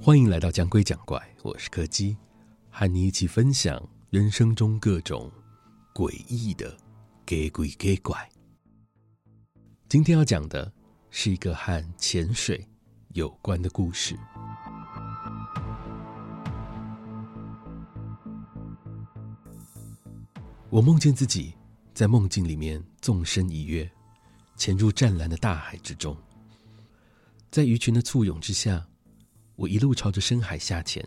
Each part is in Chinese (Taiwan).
歡迎來到《講鬼講怪》，我是柯基，和你一起分享人生中各種詭異的鬼鬼怪怪。今天要講的是一個和潛水有關的故事。我夢見自己在夢境裡面縱身一躍。潛入湛藍的大海之中，在魚群的簇擁之下，我一路朝着深海下潛，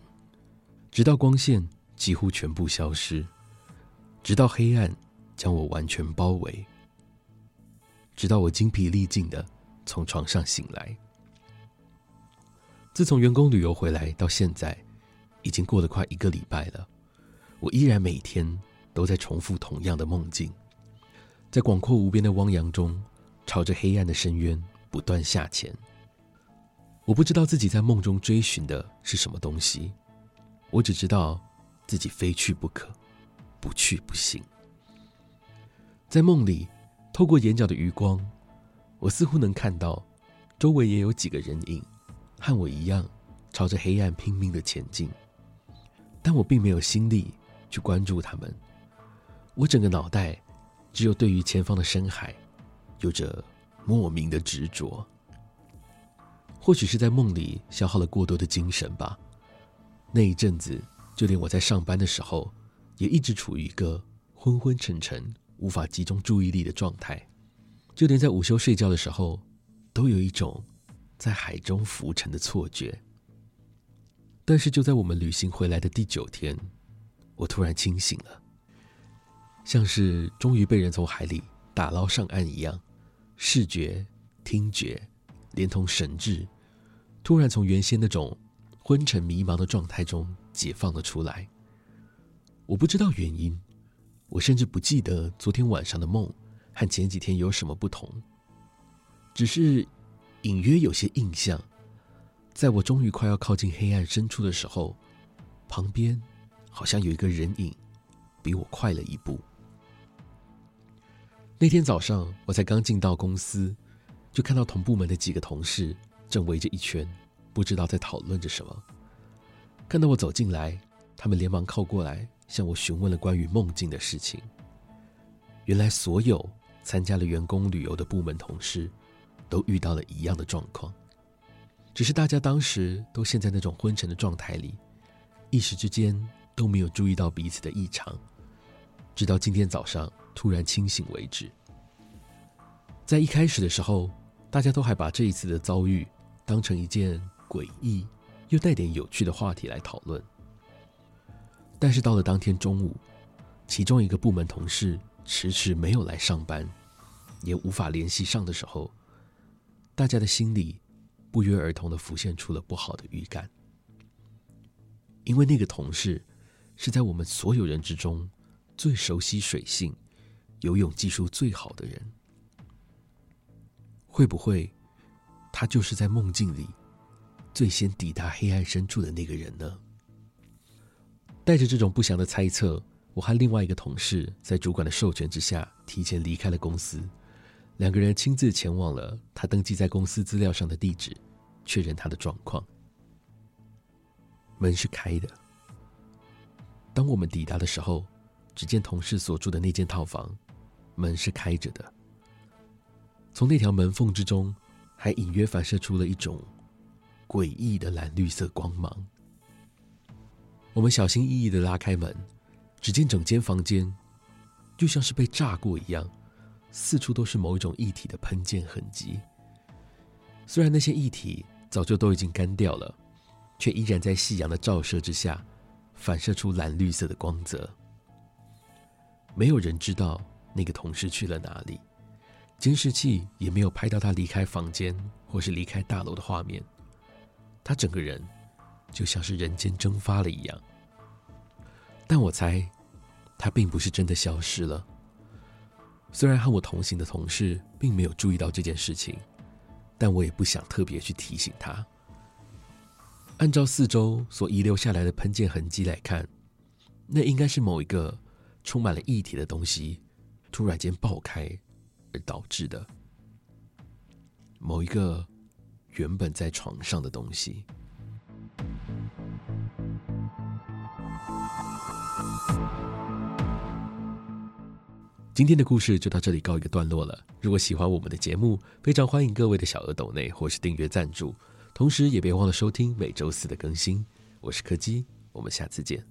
直到光線幾乎全部消失，直到黑暗將我完全包圍，直到我精疲力盡的從床上醒來。自從員工旅遊回來，到現在已經過了快一個禮拜了，我依然每天都在重複同樣的夢境，在廣闊無邊的汪洋中。朝着黑暗的深淵不斷下潛。我不知道自己在夢中追尋的是什麼東西，我只知道自己非去不可，不去不行。在夢裡，透過眼角的餘光，我似乎能看到周圍也有幾個人影，和我一樣朝着黑暗拼命的前進。但我並沒有心力去關注他們，我整個腦袋只有對於前方的深海，有着莫名的執着，或許是在夢裡消耗了過多的精神吧。那一陣子，就連我在上班的時候，也一直處於一個昏昏沉沉、無法集中注意力的狀態。就連在午休睡覺的時候，都有一種在海中浮沉的錯覺。但是，就在我們旅行回來的第九天，我突然清醒了，像是終於被人從海裡打撈上岸一樣。視覺、聽覺，連同神智，突然從原先那種昏沉迷茫的狀態中解放了出來。我不知道原因，我甚至不記得昨天晚上的夢和前幾天有什麼不同，只是隱約有些印象，在我終於快要靠近黑暗深處的時候，旁邊好像有一個人影比我快了一步。那天早上，我才剛進到公司，就看到同部門的幾個同事正圍着一圈，不知道在討論着什麼。看到我走進來，他們連忙靠過來，向我詢問了關於夢境的事情。原來，所有參加了員工旅遊的部門同事，都遇到了一樣的狀況，只是大家當時都陷在那種昏沉的狀態裡，一時之間都沒有注意到彼此的異常，直到今天早上。突然清醒為止。在一開始的時候，大家都還把這一次的遭遇當成一件詭異又帶點有趣的話題來討論。但是到了當天中午，其中一個部門同事遲遲沒有來上班，也無法聯繫上的時候，大家的心裡不約而同的浮現出了不好的預感。因為那個同事是在我們所有人之中最熟悉水性，游泳技術最好的人，會不會他就是在夢境裡最先抵達黑暗深處的那個人呢？帶着這種不祥的猜測，我和另外一個同事在主管的授權之下，提前離開了公司。兩個人親自前往了他登記在公司資料上的地址，確認他的狀況。門是開的。當我們抵達的時候，只見同事所住的那間套房，門是開着的，從那條門縫之中，還隱約反射出了一種詭異的藍綠色光芒。我們小心翼翼的拉開門，只見整間房間就像是被炸過一樣，四處都是某一種液體的噴濺痕跡。雖然那些液體早就都已經乾掉了，卻依然在夕陽的照射之下，反射出藍綠色的光澤。沒有人知道。那個同事去了哪裡？監視器也沒有拍到他離開房間或是離開大樓的畫面。他整個人就像是人間蒸發了一樣。但我猜，他並不是真的消失了。雖然和我同行的同事並沒有注意到這件事情，但我也不想特別去提醒他。按照四周所遺留下來的噴濺痕跡來看，那應該是某一個充滿了液體的東西。突然間爆開，而導致的某一個原本在床上的東西。今天的故事就到這裡告一個段落了。如果喜歡我們的節目，非常歡迎各位的小額抖內或是訂閱贊助，同時也別忘了收聽每週四的更新。我是柯基，我們下次見。